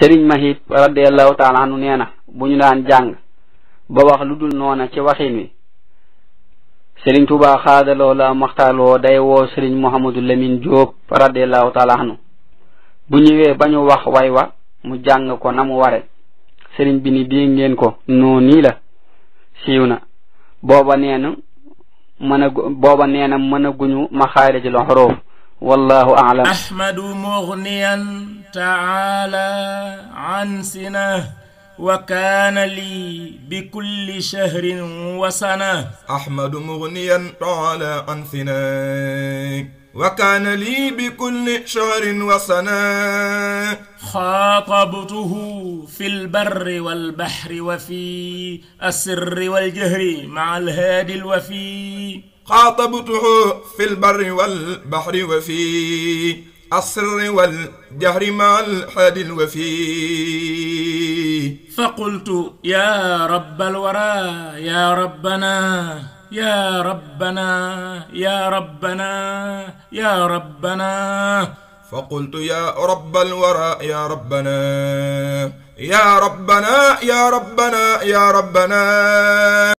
sëriñ mahib radiallahu taala anu nee na bu ñu daan jàng ba wax lu dul noona ci waxin wi sëriñ tuuba xaadaloo la maxtaaloo day woo sëriñ mohamadou lamin jóob radiallahu taala anu bu ñëwee ba ñu wax way wa mu jàng ko na mu ware sëriñ bi ni dée ngeen ko noo nii la siiw na booba nee na mën a booba nee na mën a guñu maxaarij al xuruuf wallahu alam ahmadu mughniyan taala an sina wa kaana lii bi kulli shahrin wa sana ahmadu mughniyan taala an sina وكان لي بكل شهر وسنة خاطبته في البر والبحر وفي السر والجهر مع الهادي الوفي خاطبته في البر والبحر وفي السر والجهر مع الهادي الوفي فقلت يا رب الورى يا ربنا يا ربنا يا ربنا يا ربنا فقلت يا رب الورى يا ربنا يا ربنا يا ربنا يا ربنا